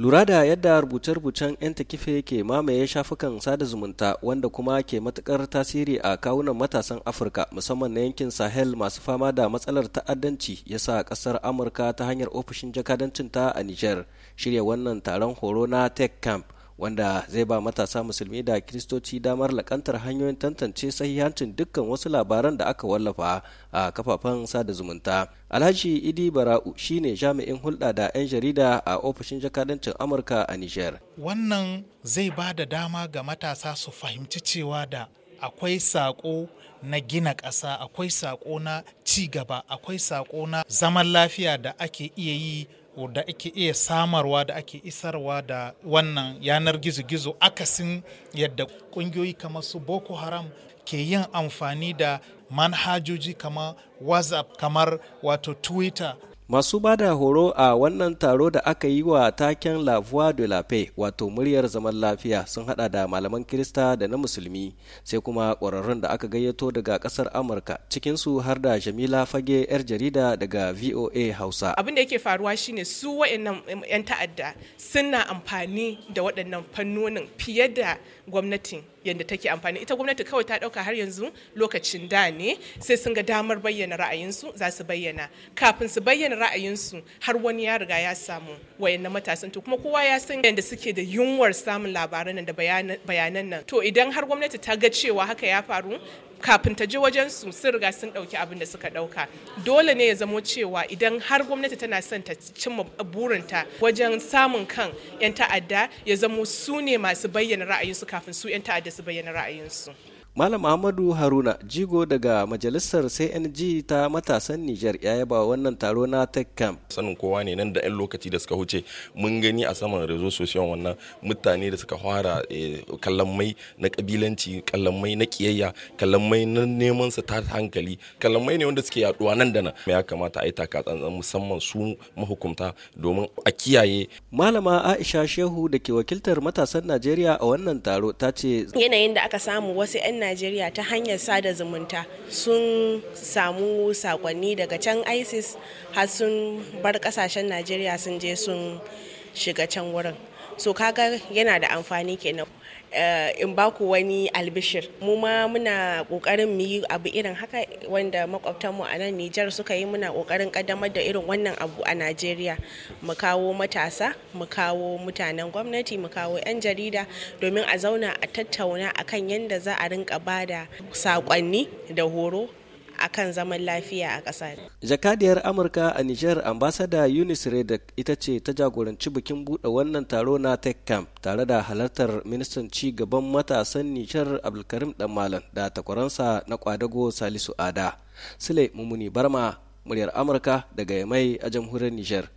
lura da yadda rubuce-rubucen 'yan kife ke mamaye shafukan sada zumunta wanda kuma ke matukar tasiri a kawunan matasan afirka musamman na yankin sahel masu fama da matsalar ta'addanci ya sa kasar amurka ta hanyar ofishin jakadancinta a niger shirya wannan taron horo na tech camp wanda zai ba matasa musulmi da kiristoci damar lakantar hanyoyin tantance sahihancin dukkan wasu labaran da aka wallafa a kafafen sada zumunta alhaji idi bara'u shine jami'in hulɗa da 'yan jarida a ofishin jakadancin amurka a niger wannan zai ba da dama ga matasa su fahimci cewa da akwai saƙo na gina ƙasa akwai saƙo na ci gaba akwai saƙo na zaman lafiya da ake iya yi da ake iya samarwa da ake isarwa da wannan yanar gizo-gizo akasin yadda ƙungiyoyi kamar su boko haram ke yin amfani da manhajoji kamar whatsapp kamar wato twitter Masu ba da horo a wannan taro da aka yi wa taken La Voix de la Paix wato muryar zaman lafiya sun hada da malaman Kirista da na Musulmi sai kuma ƙwararrun da aka gayyato daga kasar Amurka cikinsu har da Jamila Fage 'yar jarida daga VOA Hausa. Abin da yake faruwa shine su waannan 'yan ta'adda suna amfani da waɗannan fannonin fiye da gwamnatin yadda take amfani ita gwamnati kawai ta ɗauka har yanzu lokacin da ne sai sun ga damar bayyana ra'ayinsu za su bayyana kafin su bayyana ra'ayinsu har wani ya riga ya samu wayannan matasan to kuma kowa ya san yadda suke da yunwar samun labaran nan da bayanan nan to idan har gwamnati ta ga cewa haka ya faru kafin ta je wajen su sun riga sun dauki abin da suka dauka dole ne ya zamo cewa idan har gwamnati tana son ta cimma burinta wajen samun kan yan ta'adda ya zamo su ne masu bayyana ra'ayinsu kafin su yan ta'adda su bayyana ra'ayinsu Malam Ahmadu Haruna Jigo daga Majalisar CNG ta matasan Nijar ya yaba wannan taro na Tech Camp. Sanin kowa ne nan da 'yan lokaci da suka huce mun gani a saman rezo sosiyon wannan mutane da suka fara eh, kallon mai na kabilanci, kallon mai na kiyayya, kallon mai na neman su ta hankali, kallon mai ne wanda suke yaduwa nan da nan. Ya kamata a yi taka tsantsan musamman su mahukunta domin a kiyaye. Malama Aisha Shehu da ke wakiltar matasan Najeriya a wannan taro ta ce. Yanayin da aka samu wasu 'yan najeriya ta hanyar sada zumunta sun samu sakonni daga can isis har sun bar kasashen najeriya sun je sun shiga can wurin so kaga yana da amfani kenan eh, in ba ku wani albishir mu ma muna kokarin mu yi abu irin haka wanda mu a nan Nijar suka yi muna kokarin kaddamar da irin wannan abu a Najeriya mu kawo matasa mu kawo mutanen gwamnati mu kawo 'yan jarida domin a zauna a tattauna akan yadda za a rinka bada sakonni da horo akan zaman lafiya a ƙasa. Jakadiyar Amurka a niger ambasada Eunice Redek ita ce ta jagoranci bikin buɗe wannan taro na Tech Camp tare da halartar ministan ci gaban matasan Nijar Abdulkarim Malam da takwaransa na kwadago Salisu Ada. Sule Mumuni Barma, muryar Amurka daga Yamai a jamhuriyar niger.